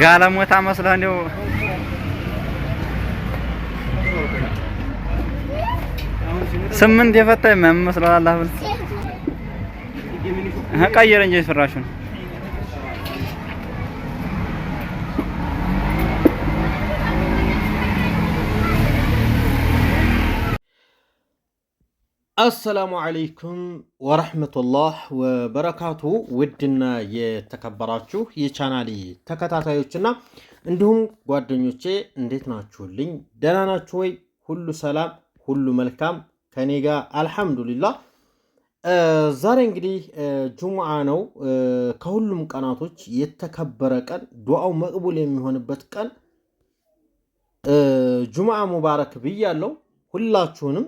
ጋለሞታ መስለህ እንደው ስምንት የፈታ የማይመስለው አላህ ብል ቀየረ እንጂ ፍራሹን አሰላሙ አለይኩም ወረህመቱላህ ወበረካቱ። ውድና የተከበራችሁ የቻናሊ ተከታታዮችና እንዲሁም ጓደኞቼ እንዴት ናችሁልኝ? ደህና ናችሁ ወይ? ሁሉ ሰላም፣ ሁሉ መልካም ከኔ ጋር አልሐምዱሊላህ። ዛሬ እንግዲህ ጁሙዓ ነው። ከሁሉም ቀናቶች የተከበረ ቀን፣ ዱዓው መቅቡል የሚሆንበት ቀን ጁሙዓ ሙባረክ ብያለው ሁላችሁንም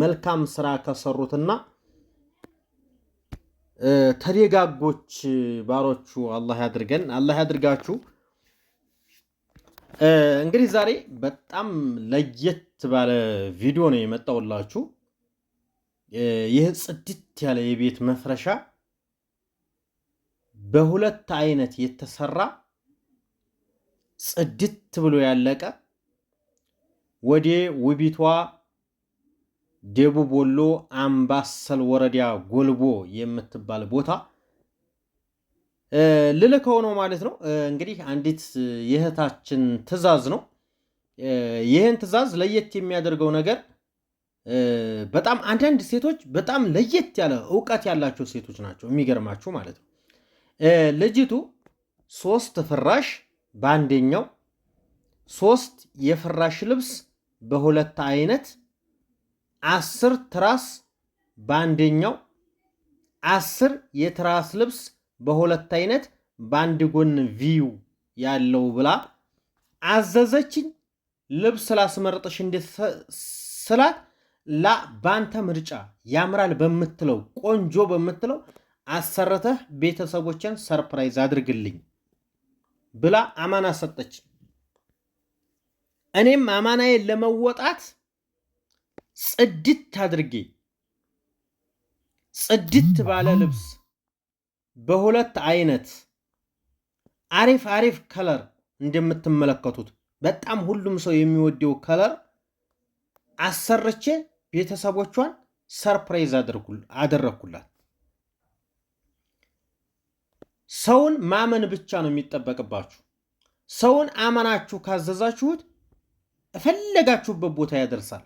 መልካም ስራ ከሰሩትና ተደጋጎች ባሮቹ አላህ ያድርገን፣ አላህ ያድርጋችሁ። እንግዲህ ዛሬ በጣም ለየት ባለ ቪዲዮ ነው የመጣውላችሁ። ይህ ጽድት ያለ የቤት መፍረሻ በሁለት አይነት የተሰራ ጽድት ብሎ ያለቀ ወዴ ውቢቷ ደቡብ ወሎ አምባሰል ወረዳ ጎልቦ የምትባል ቦታ ልልከው ነው ማለት ነው። እንግዲህ አንዲት የእህታችን ትዕዛዝ ነው። ይህን ትዕዛዝ ለየት የሚያደርገው ነገር በጣም አንዳንድ ሴቶች በጣም ለየት ያለ እውቀት ያላቸው ሴቶች ናቸው። የሚገርማችሁ ማለት ነው ልጅቱ ሶስት ፍራሽ በአንደኛው ሶስት የፍራሽ ልብስ በሁለት አይነት አስር ትራስ በአንደኛው፣ አስር የትራስ ልብስ በሁለት አይነት በአንድ ጎን ቪው ያለው ብላ አዘዘችኝ። ልብስ ላስመርጥሽ እንዴት ስላት ላ በአንተ ምርጫ ያምራል በምትለው ቆንጆ በምትለው አሰርተህ ቤተሰቦችን ሰርፕራይዝ አድርግልኝ ብላ አማና ሰጠች። እኔም አማናዬን ለመወጣት ጽድት አድርጌ ጽድት ባለ ልብስ በሁለት አይነት አሪፍ አሪፍ ከለር እንደምትመለከቱት በጣም ሁሉም ሰው የሚወደው ከለር አሰርቼ ቤተሰቦቿን ሰርፕራይዝ አደረግኩላት። ሰውን ማመን ብቻ ነው የሚጠበቅባችሁ። ሰውን አመናችሁ ካዘዛችሁት እፈለጋችሁበት ቦታ ያደርሳል።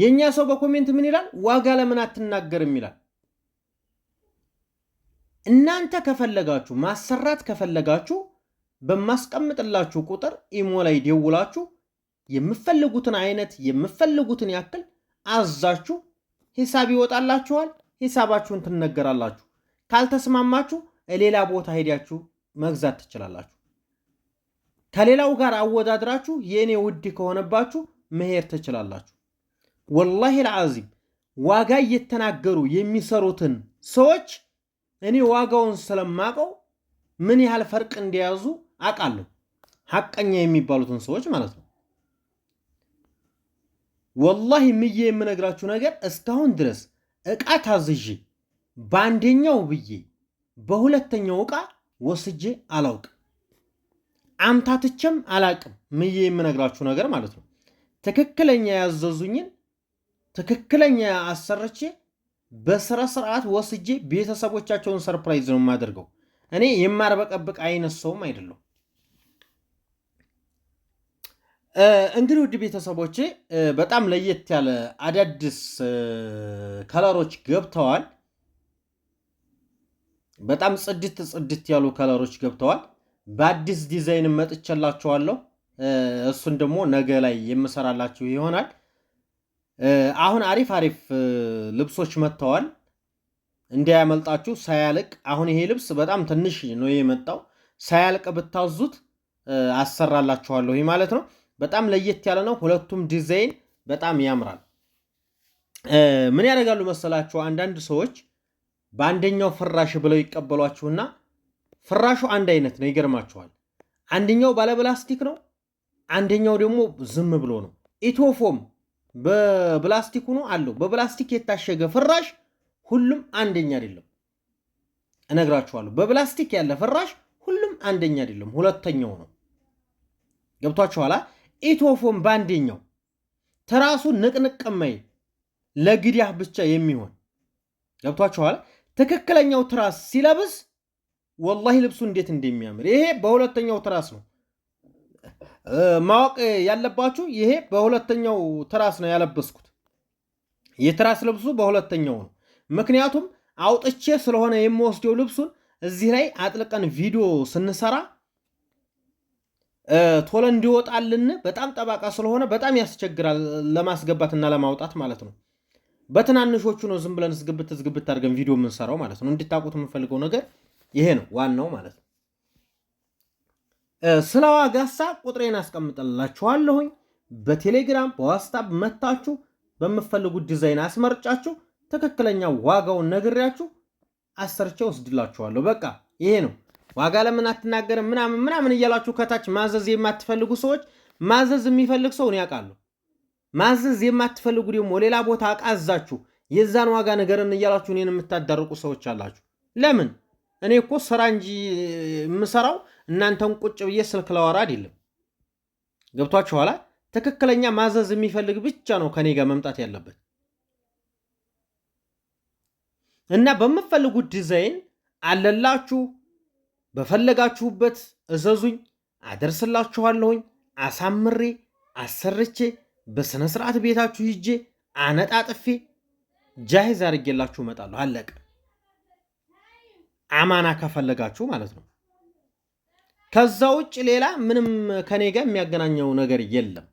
የእኛ ሰው በኮሜንት ምን ይላል? ዋጋ ለምን አትናገርም ይላል። እናንተ ከፈለጋችሁ ማሰራት ከፈለጋችሁ በማስቀምጥላችሁ ቁጥር ኢሞ ላይ ደውላችሁ የምፈልጉትን አይነት የምፈልጉትን ያክል አዛችሁ ሂሳብ ይወጣላችኋል። ሂሳባችሁን ትነገራላችሁ። ካልተስማማችሁ ሌላ ቦታ ሄዳችሁ መግዛት ትችላላችሁ። ከሌላው ጋር አወዳድራችሁ የእኔ ውድ ከሆነባችሁ መሄድ ትችላላችሁ። ወላሂ ልዓዚም ዋጋ እየተናገሩ የሚሰሩትን ሰዎች እኔ ዋጋውን ስለማቀው ምን ያህል ፈርቅ እንደያዙ አውቃለሁ። ሐቀኛ የሚባሉትን ሰዎች ማለት ነው። ወላሂ ምዬ የምነግራችሁ ነገር እስካሁን ድረስ እቃ ታዝዤ በአንደኛው ብዬ በሁለተኛው እቃ ወስጄ አላውቅም። አምታትቼም አላቅም። ምዬ የምነግራችሁ ነገር ማለት ነው። ትክክለኛ ያዘዙኝን ትክክለኛ አሰርቼ በስረ ስርዓት ወስጄ ቤተሰቦቻቸውን ሰርፕራይዝ ነው የማደርገው። እኔ የማርበቀብቅ አይነት ሰውም አይደለም። እንግዲህ ውድ ቤተሰቦቼ በጣም ለየት ያለ አዳዲስ ከለሮች ገብተዋል። በጣም ጽድት ጽድት ያሉ ከለሮች ገብተዋል። በአዲስ ዲዛይን መጥቼላችኋለሁ። እሱን ደግሞ ነገ ላይ የምሰራላችሁ ይሆናል። አሁን አሪፍ አሪፍ ልብሶች መጥተዋል። እንዳያመልጣችሁ ሳያልቅ አሁን ይሄ ልብስ በጣም ትንሽ ነው የመጣው። ሳያልቅ ብታዙት አሰራላችኋለሁ። ማለት ነው። በጣም ለየት ያለ ነው። ሁለቱም ዲዛይን በጣም ያምራል። ምን ያደርጋሉ መሰላችሁ? አንዳንድ ሰዎች በአንደኛው ፍራሽ ብለው ይቀበሏችሁና ፍራሹ አንድ አይነት ነው። ይገርማችኋል። አንደኛው ፕላስቲክ ነው፣ አንደኛው ደግሞ ዝም ብሎ ነው ኢትዮፎም በፕላስቲክ ሆኖ አለው። በፕላስቲክ የታሸገ ፍራሽ ሁሉም አንደኛ አይደለም፣ እነግራችኋለሁ። በፕላስቲክ ያለ ፍራሽ ሁሉም አንደኛ አይደለም፣ ሁለተኛው ነው። ገብቷችኋላ? ኢቶፎን በአንደኛው ተራሱ ንቅንቅ ማይ ብቻ የሚሆን ገብቷችኋላ? ትክክለኛው ትራስ ሲለብስ ወላሂ ልብሱ እንዴት እንደሚያምር ይሄ በሁለተኛው ትራስ ነው። ማወቅ ያለባችሁ ይሄ በሁለተኛው ትራስ ነው ያለበስኩት። የትራስ ልብሱ በሁለተኛው ነው። ምክንያቱም አውጥቼ ስለሆነ የምወስደው ልብሱን እዚህ ላይ አጥልቀን ቪዲዮ ስንሰራ ቶሎ እንዲወጣልን በጣም ጠባቃ ስለሆነ በጣም ያስቸግራል ለማስገባትና ለማውጣት ማለት ነው። በትናንሾቹ ነው ዝም ብለን ዝግብት ዝግብት አድርገን ቪዲዮ የምንሰራው ማለት ነው። እንድታውቁት የምንፈልገው ነገር ይሄ ነው ዋናው ማለት ነው። ስለ ዋጋ ቁጥሬን አስቀምጠላችኋለሁኝ። በቴሌግራም በዋትስአፕ መታችሁ በምትፈልጉት ዲዛይን አስመርጫችሁ ትክክለኛ ዋጋውን ነግሬያችሁ አሰርቼ ወስድላችኋለሁ። በቃ ይሄ ነው። ዋጋ ለምን አትናገርም ምናምን ምናምን እያላችሁ ከታች ማዘዝ የማትፈልጉ ሰዎች ማዘዝ የሚፈልግ ሰውን ያውቃሉ። ማዘዝ የማትፈልጉ ደግሞ ሌላ ቦታ አቃዛችሁ የዛን ዋጋ ነገርን እያላችሁ እኔን የምታዳርቁ ሰዎች አላችሁ። ለምን እኔ እኮ ስራ እንጂ የምሰራው እናንተን ቁጭ ብዬ ስልክ ላወራ አይደለም። ኋላ ትክክለኛ ማዘዝ የሚፈልግ ብቻ ነው ከኔ ጋር መምጣት ያለበት እና በምፈልጉት ዲዛይን አለላችሁ። በፈለጋችሁበት እዘዙኝ፣ አደርስላችኋለሁኝ። አሳምሬ አሰርቼ በሥነ ስርዓት ቤታችሁ ይጄ አነጣጥፌ ጃሂዝ አድርጌላችሁ እመጣለሁ። አለቀ። አማና ከፈለጋችሁ ማለት ነው። ከዛ ውጭ ሌላ ምንም ከኔ ጋር የሚያገናኘው ነገር የለም።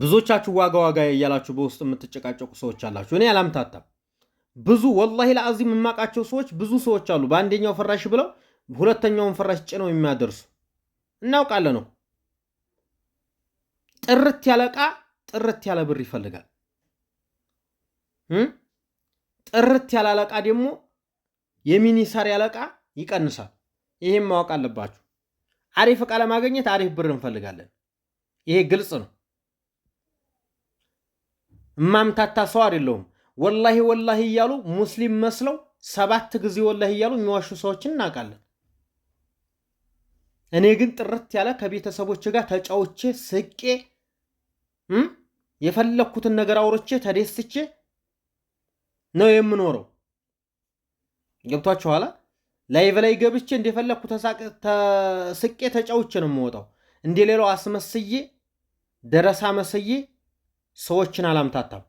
ብዙዎቻችሁ ዋጋ ዋጋ እያላችሁ በውስጥ የምትጨቃጨቁ ሰዎች አላችሁ። እኔ አላምታታም። ብዙ ወላሂ ለአዚም የማውቃቸው ሰዎች ብዙ ሰዎች አሉ። በአንደኛው ፍራሽ ብለው ሁለተኛውን ፍራሽ ጭነው የሚያደርሱ እናውቃለን ነው። ጥርት ያለ ዕቃ ጥርት ያለ ብር ይፈልጋል። ጥርት ያለ አለቃ ደግሞ የሚኒስተር ያለቃ ይቀንሳል። ይህም ማወቅ አለባችሁ። አሪፍ ዕቃ ለማግኘት አሪፍ ብር እንፈልጋለን። ይሄ ግልጽ ነው። እማምታታ ሰው አይደለሁም። ወላሂ ወላሂ እያሉ ሙስሊም መስለው ሰባት ጊዜ ወላሂ እያሉ የሚዋሹ ሰዎችን እናውቃለን። እኔ ግን ጥርት ያለ ከቤተሰቦች ጋር ተጫውቼ ስቄ የፈለግኩትን ነገር አውርቼ ተደስቼ ነው የምኖረው። ገብቷችኋላ? ላይቭ ላይ ገብቼ እንደፈለግኩ ተስቄ ተጫውቼ ነው የምወጣው። እንደ ሌላው አስመስዬ ደረሳ መስዬ ሰዎችን አላምታታም።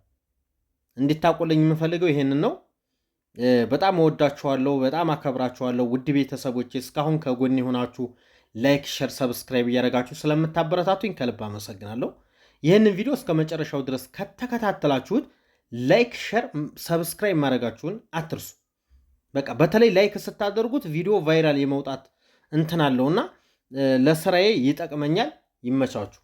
እንዲታቁልኝ የምፈልገው ይሄንን ነው። በጣም እወዳችኋለሁ፣ በጣም አከብራችኋለሁ ውድ ቤተሰቦች እስካሁን ከጎን የሆናችሁ ላይክ፣ ሸር፣ ሰብስክራይብ እያደረጋችሁ ስለምታበረታቱኝ ከልብ አመሰግናለሁ። ይህንን ቪዲዮ እስከ መጨረሻው ድረስ ከተከታተላችሁት ላይክ፣ ሸር፣ ሰብስክራይብ ማድረጋችሁን አትርሱ። በቃ በተለይ ላይክ ስታደርጉት ቪዲዮ ቫይራል የመውጣት እንትን አለውና ለስራዬ ይጠቅመኛል። ይመቻችሁ።